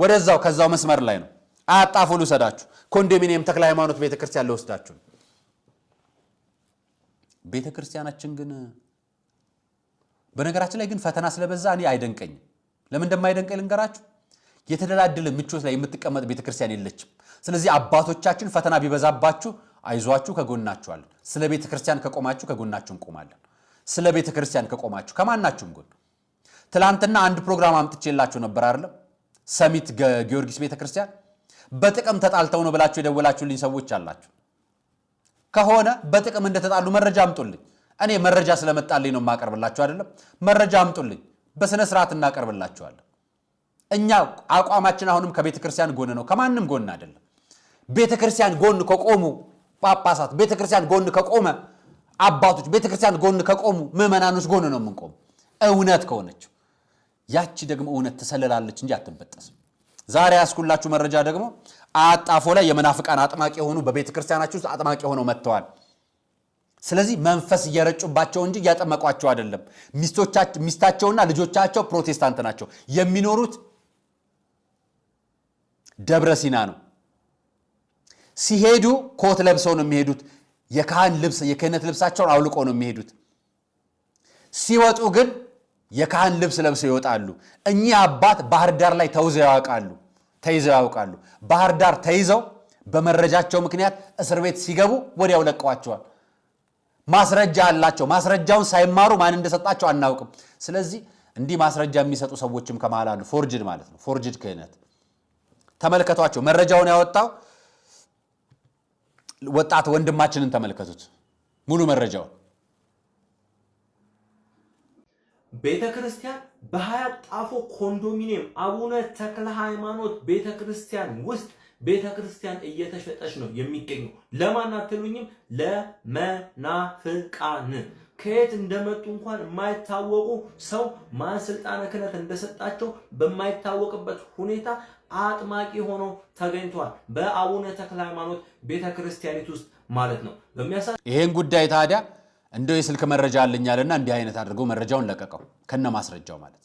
ወደዛው ከዛው መስመር ላይ ነው። አጣፉሉ ልውሰዳችሁ። ኮንዶሚኒየም ተክለ ሃይማኖት ቤተ ክርስቲያን ቤተክርስቲያናችን ቤተ ክርስቲያናችን ግን በነገራችን ላይ ግን ፈተና ስለበዛ እኔ አይደንቀኝም። ለምን እንደማይደንቀኝ ልንገራችሁ። የተደላደለ ምቾት ላይ የምትቀመጥ ቤተ ክርስቲያን የለችም። ስለዚህ አባቶቻችን ፈተና ቢበዛባችሁ አይዟችሁ፣ ከጎናችኋለን። ስለ ቤተ ክርስቲያን ከቆማችሁ ከጎናችሁ እንቆማለን። ስለ ቤተ ክርስቲያን ከቆማችሁ ከማናችሁም ጎን። ትላንትና አንድ ፕሮግራም አምጥቼላችሁ ነበር አይደለም ሰሚት ጊዮርጊስ ቤተ ክርስቲያን በጥቅም ተጣልተው ነው ብላችሁ የደወላችሁልኝ ሰዎች አላችሁ። ከሆነ በጥቅም እንደተጣሉ መረጃ አምጡልኝ። እኔ መረጃ ስለመጣልኝ ነው የማቀርብላችሁ አይደለም። መረጃ አምጡልኝ፣ በሥነ ስርዓት እናቀርብላችኋለን። እኛ አቋማችን አሁንም ከቤተ ክርስቲያን ጎን ነው፣ ከማንም ጎን አይደለም። ቤተ ክርስቲያን ጎን ከቆሙ ጳጳሳት፣ ቤተ ክርስቲያን ጎን ከቆመ አባቶች፣ ቤተ ክርስቲያን ጎን ከቆሙ ምዕመናኖች ጎን ነው የምንቆሙ እውነት ከሆነችው ያቺ ደግሞ እውነት ትሰልላለች እንጂ አትበጠስም። ዛሬ ያስኩላችሁ መረጃ ደግሞ አጣፎ ላይ የመናፍቃን አጥማቂ የሆኑ በቤተ ክርስቲያናችሁ ውስጥ አጥማቂ ሆነው መጥተዋል። ስለዚህ መንፈስ እየረጩባቸው እንጂ እያጠመቋቸው አይደለም። ሚስታቸውና ልጆቻቸው ፕሮቴስታንት ናቸው። የሚኖሩት ደብረ ሲና ነው። ሲሄዱ ኮት ለብሰው ነው የሚሄዱት። የካህን ልብስ የክህነት ልብሳቸውን አውልቆ ነው የሚሄዱት። ሲወጡ ግን የካህን ልብስ ለብሰው ይወጣሉ። እኚህ አባት ባህር ዳር ላይ ተውዘው ያውቃሉ፣ ተይዘው ያውቃሉ። ባህር ዳር ተይዘው በመረጃቸው ምክንያት እስር ቤት ሲገቡ ወዲያው ለቀዋቸዋል። ማስረጃ አላቸው። ማስረጃውን ሳይማሩ ማን እንደሰጣቸው አናውቅም። ስለዚህ እንዲህ ማስረጃ የሚሰጡ ሰዎችም ከመሃል አሉ። ፎርጅድ ማለት ነው። ፎርጅድ ክህነት ተመልከቷቸው። መረጃውን ያወጣው ወጣት ወንድማችንን ተመልከቱት፣ ሙሉ መረጃውን ቤተ ክርስቲያን በሀያ ጣፎ ኮንዶሚኒየም አቡነ ተክለ ሃይማኖት ቤተ ክርስቲያን ውስጥ ቤተ ክርስቲያን እየተሸጠች ነው የሚገኘው። ለማን አትሉኝም? ለመናፍቃን ከየት እንደመጡ እንኳን የማይታወቁ ሰው ማን ስልጣነ ክህነት እንደሰጣቸው በማይታወቅበት ሁኔታ አጥማቂ ሆነው ተገኝተዋል። በአቡነ ተክለ ሃይማኖት ቤተ ክርስቲያኒት ውስጥ ማለት ነው። በሚያሳ ይሄን ጉዳይ ታዲያ እንደው የስልክ መረጃ አለኛልና እንዲህ አይነት አድርገው መረጃውን ለቀቀው ከነ ማስረጃው ማለት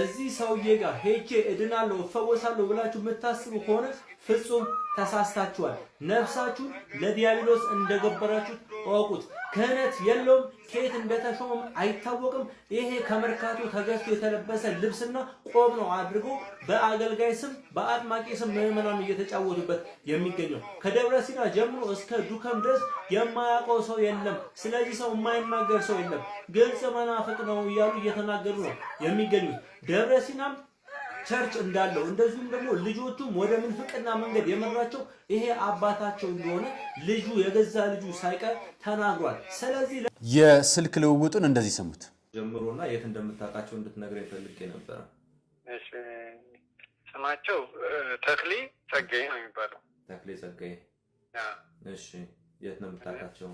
እዚህ ሰውዬ ጋር ሄጄ እድናለሁ እፈወሳለሁ ብላችሁ የምታስቡ ከሆነ ፍጹም ተሳስታችኋል። ነፍሳችሁን ለዲያብሎስ እንደገበራችሁ እወቁት። ክህነት የለውም። ከየት እንደተሾመም አይታወቅም። ይሄ ከመርካቶ ተገዝቶ የተለበሰ ልብስና ቆብ ነው አድርጎ በአገልጋይ ስም በአጥማቂ ስም ምዕመናኑ እየተጫወቱበት የሚገኘው። ከደብረ ሲና ጀምሮ እስከ ዱከም ድረስ የማያውቀው ሰው የለም። ስለዚህ ሰው የማይናገር ሰው የለም። ግልጽ መናፍቅ ነው እያሉ እየተናገሩ ነው የሚገኙት። ደብረ ሲናም ቸርች እንዳለው እንደዚሁም ደግሞ ልጆቹም ወደ ምንፍቅና መንገድ የመራቸው ይሄ አባታቸው እንደሆነ ልጁ የገዛ ልጁ ሳይቀር ተናግሯል። ስለዚህ የስልክ ልውውጡን እንደዚህ ስሙት። ጀምሮና የት እንደምታውቃቸው እንድትነግረኝ ፈልጌ ነበረ። ስማቸው ተክሌ ጸጋዬ ነው የሚባለው። ተክሌ ጸጋዬ። እሺ፣ የት ነው የምታውቃቸው?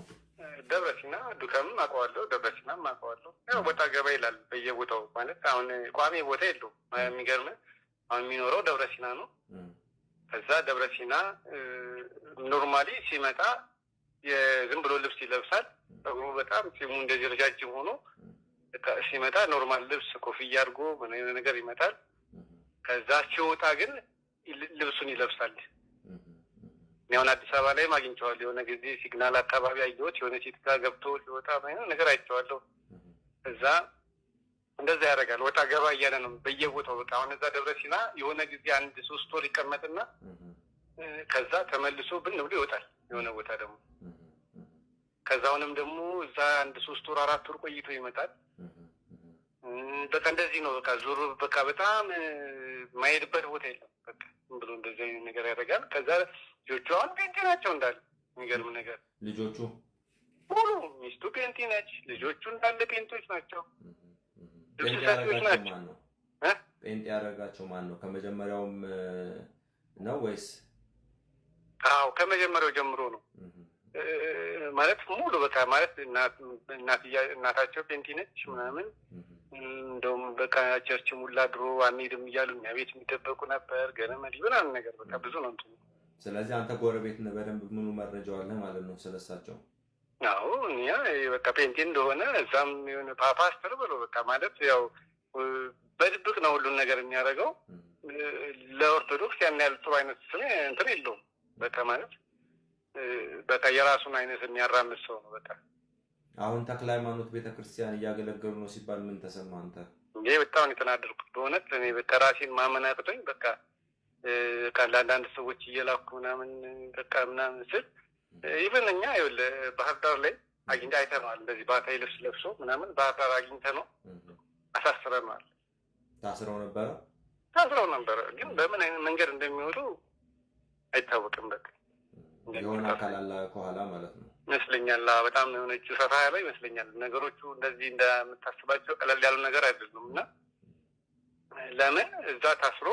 ደብረሲና ዱከምም አውቀዋለሁ። ደብረሲናም አውቀዋለሁ። ያው ቦታ ገባ ይላል በየቦታው ማለት አሁን ቋሚ ቦታ የለውም። የሚገርም አሁን የሚኖረው ደብረሲና ነው። ከዛ ደብረሲና ኖርማሊ ሲመጣ የዝም ብሎ ልብስ ይለብሳል። ጸጉሩ በጣም ፂሙ እንደዚህ ረጃጅም ሆኖ ሲመጣ ኖርማል ልብስ ኮፍያ አድርጎ ነገር ይመጣል። ከዛ ሲወጣ ግን ልብሱን ይለብሳል አሁን አዲስ አበባ ላይም አግኝቸዋለሁ። የሆነ ጊዜ ሲግናል አካባቢ አየሁት። የሆነ ሴት ጋር ገብቶ ሊወጣ ነገር አይቸዋለሁ። እዛ እንደዛ ያደርጋል። ወጣ ገባ እያለ ነው በየቦታው በቃ አሁን እዛ ደብረ ሲና የሆነ ጊዜ አንድ ሶስት ወር ይቀመጥና ከዛ ተመልሶ ብን ብሎ ይወጣል። የሆነ ቦታ ደግሞ ከዛ አሁንም ደግሞ እዛ አንድ ሶስት ወር አራት ወር ቆይቶ ይመጣል። በቃ እንደዚህ ነው። በቃ ዙር በቃ በጣም ማሄድበት ቦታ የለም። በቃ ብሎ እንደዚህ ነገር ያደርጋል። ከዛ ልጆቹ አሁን ጴንጤ ናቸው እንዳለ። የሚገርም ነገር ልጆቹ ሙሉ ሚስቱ ጴንጤ ነች። ልጆቹ እንዳለ ጴንጤዎች ናቸው። ልብስ ሰፊዎች ናቸው። ጴንጤ ያደረጋቸው ማን ነው? ከመጀመሪያውም ነው ወይስ? አዎ ከመጀመሪያው ጀምሮ ነው ማለት ሙሉ በቃ ማለት እናታቸው ጴንጤ ነች ምናምን እንደውም በቃ ቸርች ሙላ ድሮ አንሄድም እያሉ እኛ ቤት የሚደበቁ ነበር ገለመድ ምናምን ነገር በቃ ብዙ ነው እንትኑ ስለዚህ አንተ ጎረቤት በደንብ ምኑ መረጃው አለ ማለት ነው ስለሳቸው? አዎ እኛ በቃ ፔንቲ እንደሆነ እዛም የሆነ ፓፓስተር ብሎ በቃ ማለት ያው በድብቅ ነው ሁሉን ነገር የሚያደርገው። ለኦርቶዶክስ ያን ያህል ጥሩ አይነት ስም እንትን የለውም። በቃ ማለት በቃ የራሱን አይነት የሚያራምድ ሰው ነው። በቃ አሁን ተክለ ሃይማኖት ቤተክርስቲያን እያገለገሉ ነው ሲባል ምን ተሰማ አንተ? ይህ በጣም የተናደርኩት በእውነት እኔ በቃ ራሴን ማመን አቅቶኝ በቃ ለአንዳንድ ሰዎች እየላኩ ምናምን በቃ ምናምን ስል ይብን እኛ ባህር ዳር ላይ አግኝተህ አይተነዋል። እንደዚህ ባህታዊ ልብስ ለብሶ ምናምን ባህር ዳር አግኝተ ነው አሳስረነዋል። ታስረው ነበረ ታስረው ነበረ፣ ግን በምን አይነት መንገድ እንደሚወጡ አይታወቅም። በቃ የሆነ አካል አለ ከኋላ ማለት ነው ይመስለኛል። በጣም የሆነ ሰፋ ያለ ይመስለኛል። ነገሮቹ እንደዚህ እንደምታስባቸው ቀለል ያሉ ነገር አይደሉም እና ለምን እዛ ታስሮ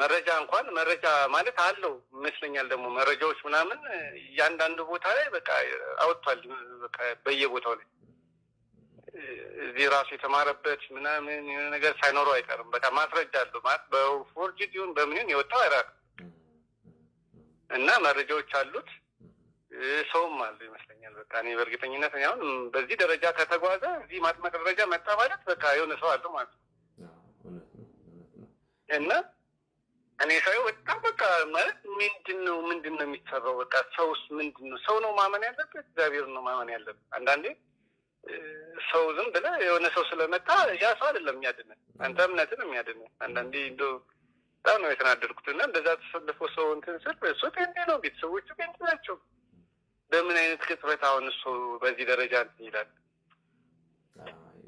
መረጃ እንኳን መረጃ ማለት አለው ይመስለኛል። ደግሞ መረጃዎች ምናምን እያንዳንዱ ቦታ ላይ በቃ አውጥቷል። በቃ በየቦታው ላይ እዚህ ራሱ የተማረበት ምናምን የሆነ ነገር ሳይኖረው አይቀርም። በቃ ማስረጃ አለው ማለት በፎርጅ ይሁን በምንሆን የወጣው አይራቅም እና መረጃዎች አሉት ሰውም አለው ይመስለኛል። በቃ እኔ በእርግጠኝነት አሁን በዚህ ደረጃ ከተጓዘ እዚህ ማጥመቅ ደረጃ መጣ ማለት በቃ የሆነ ሰው አለው ማለት ነው እና እኔ ሰው በጣም በቃ ማለት ምንድን ነው ምንድን ነው የሚሰራው? በቃ ሰውስ ምንድን ነው? ሰው ነው ማመን ያለበት፣ እግዚአብሔር ነው ማመን ያለበት። አንዳንዴ ሰው ዝም ብለህ የሆነ ሰው ስለመጣ ያ ሰው አይደለም የሚያድነ፣ አንተ እምነትን የሚያድነ። አንዳንዴ እንደው በጣም ነው የተናደድኩት እና እንደዛ ተሰልፎ ሰው እንትን ስል እሱ ጤንጤ ነው፣ ቤተሰቦቹ ጤንጤ ናቸው። በምን አይነት ቅጥበት አሁን እሱ በዚህ ደረጃ እንትን ይላል።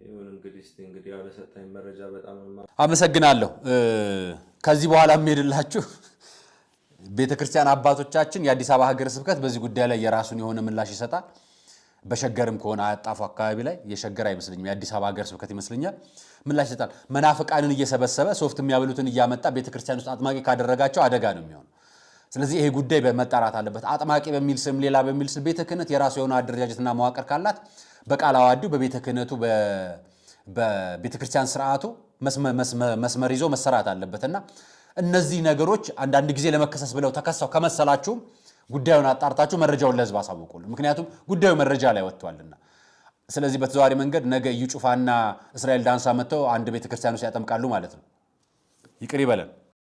ይሁን እንግዲህ እስኪ እንግዲህ ያው መረጃ በጣም አመሰግናለሁ። ከዚህ በኋላ የምሄድላችሁ ቤተ ክርስቲያን አባቶቻችን የአዲስ አበባ ሀገረ ስብከት በዚህ ጉዳይ ላይ የራሱን የሆነ ምላሽ ይሰጣል። በሸገርም ከሆነ አያጣፉ አካባቢ ላይ የሸገር አይመስለኝም የአዲስ አበባ ሀገረ ስብከት ይመስለኛል ምላሽ ይሰጣል። መናፍቃንን እየሰበሰበ ሶፍት የሚያበሉትን እያመጣ ቤተ ክርስቲያን ውስጥ አጥማቂ ካደረጋቸው አደጋ ነው የሚሆነው። ስለዚህ ይሄ ጉዳይ በመጣራት አለበት። አጥማቂ በሚል ስም፣ ሌላ በሚል ስም ቤተ ክህነት የራሱ የሆነ አደረጃጀትና መዋቅር ካላት በቃል አዋዲው በቤተ ክህነቱ በቤተ ክርስቲያን ስርዓቱ መስመር ይዞ መሰራት አለበትና እነዚህ ነገሮች አንዳንድ ጊዜ ለመከሰስ ብለው ተከሰው ከመሰላችሁም ጉዳዩን አጣርታችሁ መረጃውን ለህዝብ አሳውቁልን። ምክንያቱም ጉዳዩ መረጃ ላይ ወጥቷልና። ስለዚህ በተዘዋሪ መንገድ ነገ እዩ ጩፋና እስራኤል ዳንሳ መጥተው አንድ ቤተክርስቲያን ውስጥ ያጠምቃሉ ማለት ነው። ይቅር ይበለን።